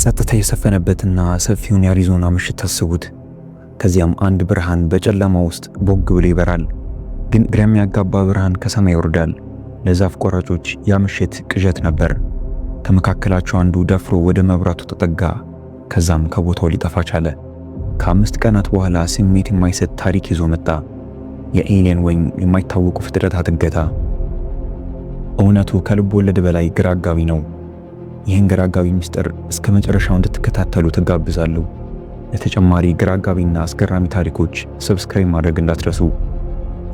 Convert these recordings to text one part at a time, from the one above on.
ጸጥታ የሰፈነበትና ሰፊውን የአሪዞና ምሽት ታስቡት። ከዚያም አንድ ብርሃን በጨለማ ውስጥ ቦግ ብሎ ይበራል። ግን ግራ የሚያጋባ ብርሃን ከሰማይ ይወርዳል። ለዛፍ ቆራጮች ያ ምሽት ቅዠት ነበር። ከመካከላቸው አንዱ ደፍሮ ወደ መብራቱ ተጠጋ። ከዛም ከቦታው ሊጠፋ ቻለ። ከአምስት ቀናት በኋላ ስሜት የማይሰጥ ታሪክ ይዞ መጣ። የኤሊየን ወይም የማይታወቁ ፍጥረታት እገታ። እውነቱ ከልብ ወለድ በላይ ግራ አጋቢ ነው። ይህን ግራጋቢ ምስጢር እስከ መጨረሻው እንድትከታተሉ ትጋብዛለሁ። ለተጨማሪ ግራጋቢና አስገራሚ ታሪኮች ሰብስክራይብ ማድረግ እንዳትረሱ።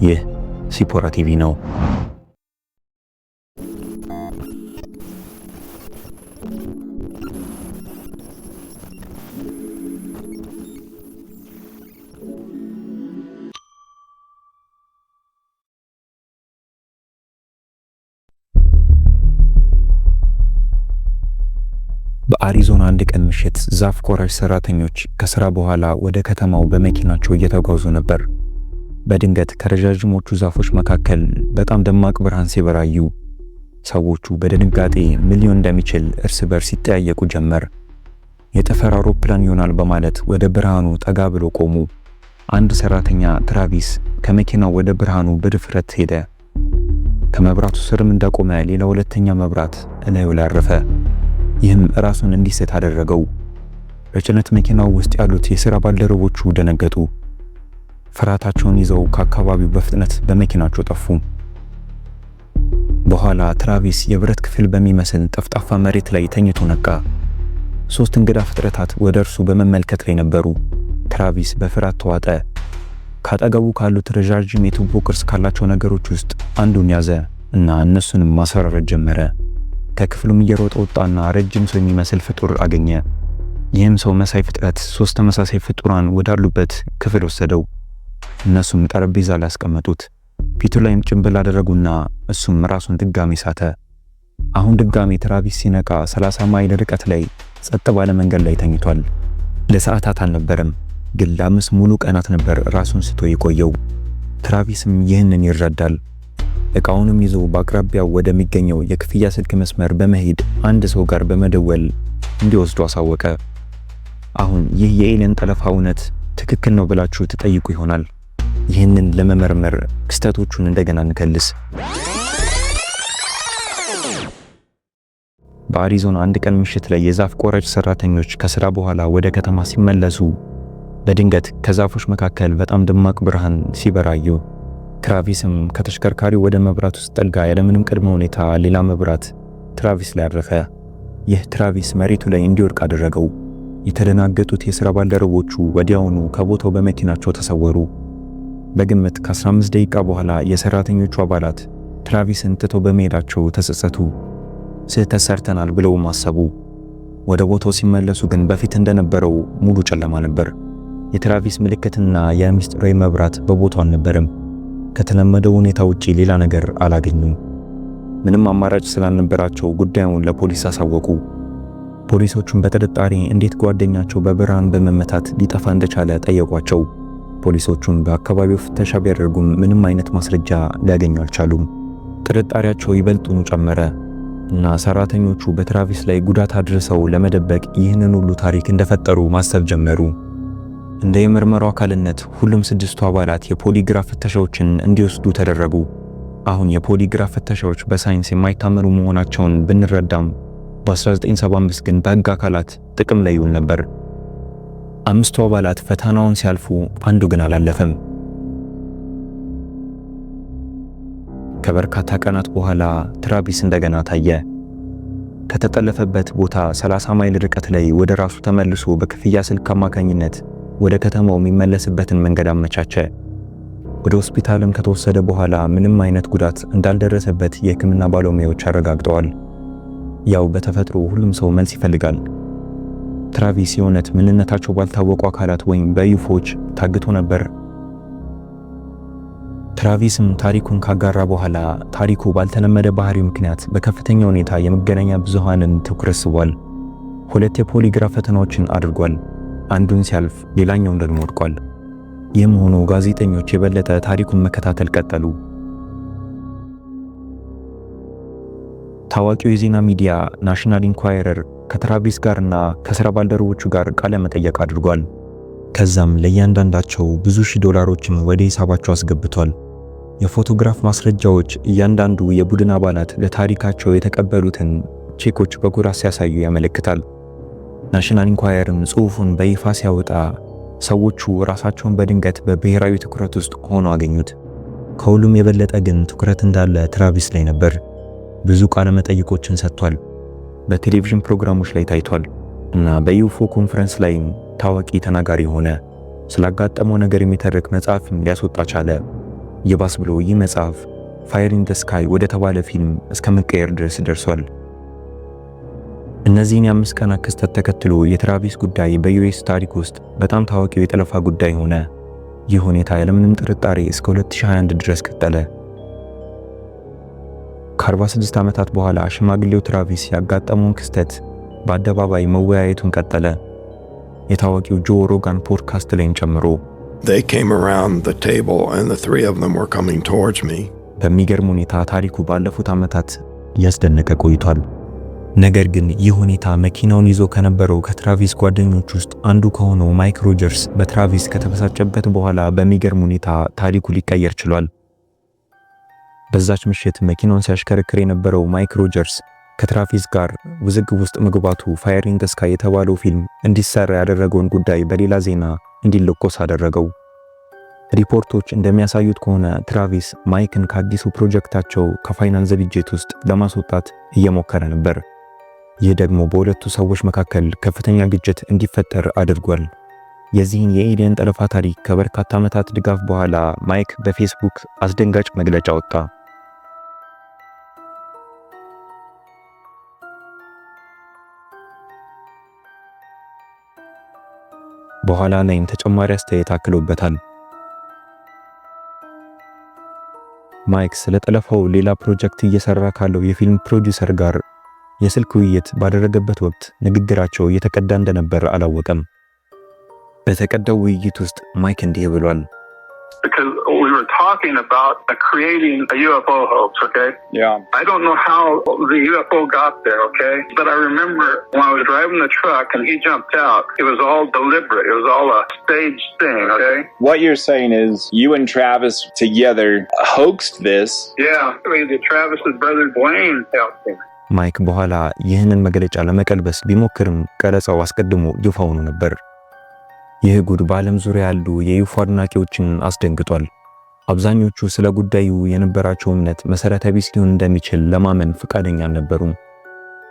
ይህ ሲፖራ ቲቪ ነው። በአሪዞና አንድ ቀን ምሽት ዛፍ ቆራጭ ሰራተኞች ከስራ በኋላ ወደ ከተማው በመኪናቸው እየተጓዙ ነበር። በድንገት ከረዣዥሞቹ ዛፎች መካከል በጣም ደማቅ ብርሃን ሲበራዩ ሰዎቹ በድንጋጤ ምን ሊሆን እንደሚችል እርስ በርስ ይጠያየቁ ጀመር። የጠፈር አውሮፕላን ይሆናል በማለት ወደ ብርሃኑ ጠጋ ብሎ ቆሙ። አንድ ሰራተኛ ትራቪስ ከመኪናው ወደ ብርሃኑ በድፍረት ሄደ። ከመብራቱ ስርም እንደቆመ ሌላ ሁለተኛ መብራት እላዩ ላይ አረፈ። ይህም ራሱን እንዲስት አደረገው። በጭነት መኪናው ውስጥ ያሉት የሥራ ባልደረቦቹ ደነገጡ። ፍርሃታቸውን ይዘው ከአካባቢው በፍጥነት በመኪናቸው ጠፉ። በኋላ ትራቪስ የብረት ክፍል በሚመስል ጠፍጣፋ መሬት ላይ ተኝቶ ነቃ። ሶስት እንግዳ ፍጥረታት ወደ እርሱ በመመልከት ላይ ነበሩ። ትራቪስ በፍርሃት ተዋጠ። ካጠገቡ ካሉት ረዣዥም የቱቦ ቅርጽ ካላቸው ነገሮች ውስጥ አንዱን ያዘ እና እነሱንም ማስፈራረት ጀመረ። ከክፍሉም እየሮጠ ወጣና ረጅም ሰው የሚመስል ፍጡር አገኘ። ይህም ሰው መሳይ ፍጥረት ሶስት ተመሳሳይ ፍጡራን ወዳሉበት ክፍል ወሰደው። እነሱም ጠረጴዛ ላይ ያስቀመጡት፣ ፊቱ ላይም ጭንብል አደረጉና እሱም ራሱን ድጋሚ ሳተ። አሁን ድጋሚ ትራቪስ ሲነቃ 30 ማይል ርቀት ላይ ጸጥ ባለ መንገድ ላይ ተኝቷል። ለሰዓታት አልነበረም፣ ግን ለአምስት ሙሉ ቀናት ነበር ራሱን ስቶ የቆየው። ትራቪስም ይህንን ይረዳል። እቃውንም ይዞ በአቅራቢያው ወደሚገኘው የክፍያ ስልክ መስመር በመሄድ አንድ ሰው ጋር በመደወል እንዲወስዱ አሳወቀ። አሁን ይህ የኤለን ጠለፋ እውነት ትክክል ነው ብላችሁ ትጠይቁ ይሆናል። ይህንን ለመመርመር ክስተቶቹን እንደገና እንከልስ። በአሪዞና አንድ ቀን ምሽት ላይ የዛፍ ቆራጭ ሰራተኞች ከስራ በኋላ ወደ ከተማ ሲመለሱ በድንገት ከዛፎች መካከል በጣም ደማቅ ብርሃን ሲበራዩ ትራቪስም ከተሽከርካሪው ወደ መብራት ውስጥ ጠጋ። ያለምንም ቅድመ ሁኔታ ሌላ መብራት ትራቪስ ላይ አረፈ። ይህ ትራቪስ መሬቱ ላይ እንዲወድቅ አደረገው። የተደናገጡት የሥራ ባልደረቦቹ ወዲያውኑ ከቦታው በመኪናቸው ተሰወሩ። በግምት ከ15 ደቂቃ በኋላ የሰራተኞቹ አባላት ትራቪስን ትተው በመሄዳቸው ተጸጸቱ። ስህተት ሰርተናል ብለውም አሰቡ። ወደ ቦታው ሲመለሱ ግን በፊት እንደነበረው ሙሉ ጨለማ ነበር። የትራቪስ ምልክትና የምስጢራዊ መብራት በቦታው አልነበረም። ከተለመደው ሁኔታ ውጪ ሌላ ነገር አላገኙም። ምንም አማራጭ ስላልነበራቸው ጉዳዩን ለፖሊስ አሳወቁ። ፖሊሶቹም በጥርጣሬ እንዴት ጓደኛቸው በብርሃን በመመታት ሊጠፋ እንደቻለ ጠየቋቸው። ፖሊሶቹም በአካባቢው ፍተሻ ቢያደርጉም ምንም አይነት ማስረጃ ሊያገኙ አልቻሉም። ጥርጣሬያቸው ይበልጡኑ ጨመረ እና ሰራተኞቹ በትራቪስ ላይ ጉዳት አድርሰው ለመደበቅ ይህንን ሁሉ ታሪክ እንደፈጠሩ ማሰብ ጀመሩ። እንደ የምርመራው አካልነት ሁሉም ስድስቱ አባላት የፖሊግራፍ ፍተሻዎችን እንዲወስዱ ተደረጉ። አሁን የፖሊግራፍ ፍተሻዎች በሳይንስ የማይታመኑ መሆናቸውን ብንረዳም በ1975 ግን በሕግ አካላት ጥቅም ላይ ይውል ነበር። አምስቱ አባላት ፈተናውን ሲያልፉ፣ አንዱ ግን አላለፈም። ከበርካታ ቀናት በኋላ ትራቪስ እንደገና ታየ። ከተጠለፈበት ቦታ 30 ማይል ርቀት ላይ ወደ ራሱ ተመልሶ በክፍያ ስልክ አማካኝነት ወደ ከተማው የሚመለስበትን መንገድ አመቻቸ። ወደ ሆስፒታልም ከተወሰደ በኋላ ምንም አይነት ጉዳት እንዳልደረሰበት የሕክምና ባለሙያዎች አረጋግጠዋል። ያው በተፈጥሮ ሁሉም ሰው መልስ ይፈልጋል። ትራቪስ የእውነት ምንነታቸው ባልታወቁ አካላት ወይም በዩፎች ታግቶ ነበር። ትራቪስም ታሪኩን ካጋራ በኋላ ታሪኩ ባልተለመደ ባህሪው ምክንያት በከፍተኛ ሁኔታ የመገናኛ ብዙሃንን ትኩረት ስቧል። ሁለት የፖሊግራፍ ፈተናዎችን አድርጓል። አንዱን ሲያልፍ ሌላኛውን ደግሞ ወድቋል። ይህም ሆኖ ጋዜጠኞች የበለጠ ታሪኩን መከታተል ቀጠሉ። ታዋቂው የዜና ሚዲያ ናሽናል ኢንኳይረር ከትራቪስ ጋርና ከሥራ ባልደረቦቹ ጋር ቃለ መጠየቅ አድርጓል። ከዛም ለእያንዳንዳቸው ብዙ ሺህ ዶላሮችን ወደ ሂሳባቸው አስገብቷል። የፎቶግራፍ ማስረጃዎች እያንዳንዱ የቡድን አባላት ለታሪካቸው የተቀበሉትን ቼኮች በጎራ ሲያሳዩ ያመለክታል። ናሽናል ኢንኳየርም ጽሑፉን በይፋ ሲያወጣ ሰዎቹ ራሳቸውን በድንገት በብሔራዊ ትኩረት ውስጥ ሆኖ አገኙት። ከሁሉም የበለጠ ግን ትኩረት እንዳለ ትራቪስ ላይ ነበር። ብዙ ቃለ መጠይቆችን ሰጥቷል፣ በቴሌቪዥን ፕሮግራሞች ላይ ታይቷል እና በዩፎ ኮንፈረንስ ላይም ታዋቂ ተናጋሪ ሆነ። ስላጋጠመው ነገር የሚተርክ መጽሐፍም ሊያስወጣ ቻለ። ይባስ ብሎ ይህ መጽሐፍ ፋየር ኢን ዘ ስካይ ወደ ተባለ ፊልም እስከ መቀየር ድረስ ደርሷል። እነዚህን የአምስት ቀናት ክስተት ተከትሎ የትራቪስ ጉዳይ በዩኤስ ታሪክ ውስጥ በጣም ታዋቂው የጠለፋ ጉዳይ ሆነ። ይህ ሁኔታ ያለምንም ጥርጣሬ እስከ 2021 ድረስ ቀጠለ። ከ46 ዓመታት በኋላ ሽማግሌው ትራቪስ ያጋጠመውን ክስተት በአደባባይ መወያየቱን ቀጠለ። የታዋቂው ጆ ሮጋን ፖድካስት ላይን ጨምሮ በሚገርም ሁኔታ ታሪኩ ባለፉት ዓመታት እያስደነቀ ቆይቷል። ነገር ግን ይህ ሁኔታ መኪናውን ይዞ ከነበረው ከትራቪስ ጓደኞች ውስጥ አንዱ ከሆነው ማይክ ሮጀርስ በትራቪስ ከተበሳጨበት በኋላ በሚገርም ሁኔታ ታሪኩ ሊቀየር ችሏል። በዛች ምሽት መኪናውን ሲያሽከረክር የነበረው ማይክ ሮጀርስ ከትራቪስ ጋር ውዝግብ ውስጥ መግባቱ ፋየሪንግ ስካ ስካይ የተባለው ፊልም እንዲሰራ ያደረገውን ጉዳይ በሌላ ዜና እንዲለኮስ አደረገው። ሪፖርቶች እንደሚያሳዩት ከሆነ ትራቪስ ማይክን ከአዲሱ ፕሮጀክታቸው ከፋይናንስ ዝግጅት ውስጥ ለማስወጣት እየሞከረ ነበር። ይህ ደግሞ በሁለቱ ሰዎች መካከል ከፍተኛ ግጭት እንዲፈጠር አድርጓል። የዚህን የኤሊየን ጠለፋ ታሪክ ከበርካታ ዓመታት ድጋፍ በኋላ ማይክ በፌስቡክ አስደንጋጭ መግለጫ ወጣ። በኋላ ላይም ተጨማሪ አስተያየት አክሎበታል። ማይክ ስለ ጠለፋው ሌላ ፕሮጀክት እየሰራ ካለው የፊልም ፕሮዲውሰር ጋር Because we were talking about creating a UFO UFO hoax, okay? okay? Yeah. I I I don't know how the the got there, But remember when was driving truck and he jumped out. It was all deliberate. It was all a staged thing, okay? What you're saying is you and Travis together hoaxed this. Yeah, I mean, Travis's brother Blaine helped him. ማይክ በኋላ ይህንን መግለጫ ለመቀልበስ ቢሞክርም ቀረጻው አስቀድሞ ይፋ ሆኖ ነበር። ይህ ጉድ በዓለም ዙሪያ ያሉ የዩፎ አድናቂዎችን አስደንግጧል። አብዛኞቹ ስለ ጉዳዩ የነበራቸው እምነት መሰረተ ቢስ ሊሆን እንደሚችል ለማመን ፈቃደኛ አልነበሩም።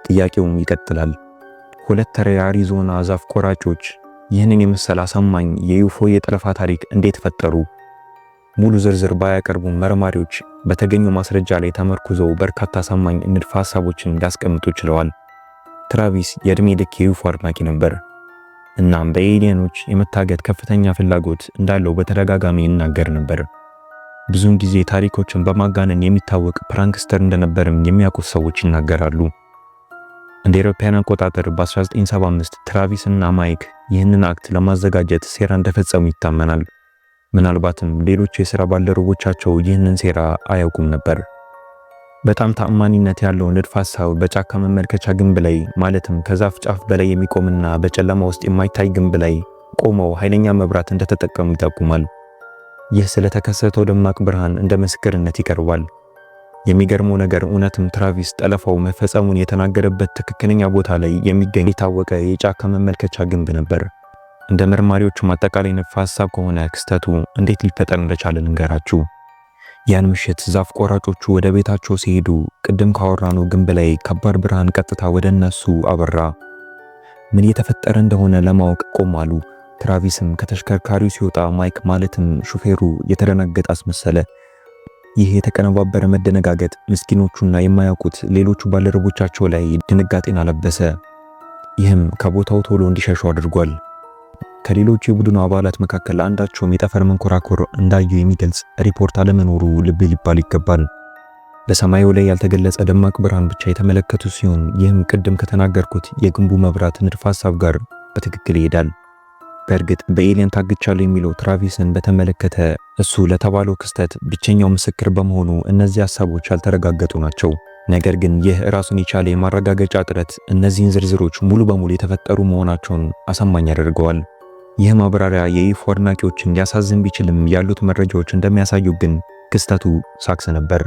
ጥያቄውም ይቀጥላል። ሁለት ተራ የአሪዞና ዛፍ ቆራጮች ይህንን የመሰለ አሳማኝ የዩፎ የጠለፋ ታሪክ እንዴት ፈጠሩ? ሙሉ ዝርዝር ባያቀርቡ መርማሪዎች በተገኙ ማስረጃ ላይ ተመርኩዘው በርካታ አሳማኝ ንድፈ ሐሳቦችን ሊያስቀምጡ ችለዋል። ትራቪስ የዕድሜ ልክ የዩፎ አድናቂ ነበር። እናም በኤሊየኖች የመታገት ከፍተኛ ፍላጎት እንዳለው በተደጋጋሚ ይናገር ነበር። ብዙውን ጊዜ ታሪኮችን በማጋነን የሚታወቅ ፕራንክስተር እንደነበርም የሚያውቁት ሰዎች ይናገራሉ። እንደ አውሮፓውያን አቆጣጠር በ1975 ትራቪስ እና ማይክ ይህንን አክት ለማዘጋጀት ሴራ እንደፈጸሙ ይታመናል። ምናልባትም ሌሎች የሥራ ባልደረቦቻቸው ይህንን ሴራ አያውቁም ነበር። በጣም ታማኒነት ያለው ንድፍ ሐሳብ በጫካ መመልከቻ ግንብ ላይ ማለትም ከዛፍ ጫፍ በላይ የሚቆምና በጨለማ ውስጥ የማይታይ ግንብ ላይ ቆመው ኃይለኛ መብራት እንደተጠቀሙ ይጠቁማል። ይህ ስለተከሰተው ደማቅ ብርሃን እንደ ምስክርነት ይቀርባል። የሚገርመው ነገር እውነትም ትራቪስ ጠለፋው መፈጸሙን የተናገረበት ትክክለኛ ቦታ ላይ የሚገኝ የታወቀ የጫካ መመልከቻ ግንብ ነበር። እንደ መርማሪዎቹ አጠቃላይ ንድፈ ሐሳብ ከሆነ ክስተቱ እንዴት ሊፈጠር እንደቻለ ልንገራችሁ። ያን ምሽት ዛፍ ቆራጮቹ ወደ ቤታቸው ሲሄዱ ቅድም ካወራነው ግንብ ላይ ከባድ ብርሃን ቀጥታ ወደ እነሱ አበራ። ምን እየተፈጠረ እንደሆነ ለማወቅ ቆማሉ። ትራቪስም ከተሽከርካሪው ሲወጣ ማይክ ማለትም ሹፌሩ የተደናገጠ አስመሰለ። ይህ የተቀነባበረ መደነጋገጥ ምስኪኖቹና የማያውቁት ሌሎቹ ባልደረቦቻቸው ላይ ድንጋጤን አለበሰ። ይህም ከቦታው ቶሎ እንዲሸሹ አድርጓል። ከሌሎቹ የቡድኑ አባላት መካከል አንዳቸውም የጠፈር መንኮራኩር እንዳዩ የሚገልጽ ሪፖርት አለመኖሩ ልብ ሊባል ይገባል። በሰማዩ ላይ ያልተገለጸ ደማቅ ብርሃን ብቻ የተመለከቱ ሲሆን ይህም ቅድም ከተናገርኩት የግንቡ መብራት ንድፈ ሐሳብ ጋር በትክክል ይሄዳል። በእርግጥ በኤሊያን ታግቻለሁ የሚለው ትራቪስን በተመለከተ እሱ ለተባለው ክስተት ብቸኛው ምስክር በመሆኑ እነዚህ ሐሳቦች ያልተረጋገጡ ናቸው። ነገር ግን ይህ ራሱን የቻለ የማረጋገጫ ጥረት እነዚህን ዝርዝሮች ሙሉ በሙሉ የተፈጠሩ መሆናቸውን አሳማኝ ያደርገዋል። ይህ ማብራሪያ የኢፎ አድናቂዎችን ሊያሳዝን ቢችልም ያሉት መረጃዎች እንደሚያሳዩ ግን ክስተቱ ሳክስ ነበር።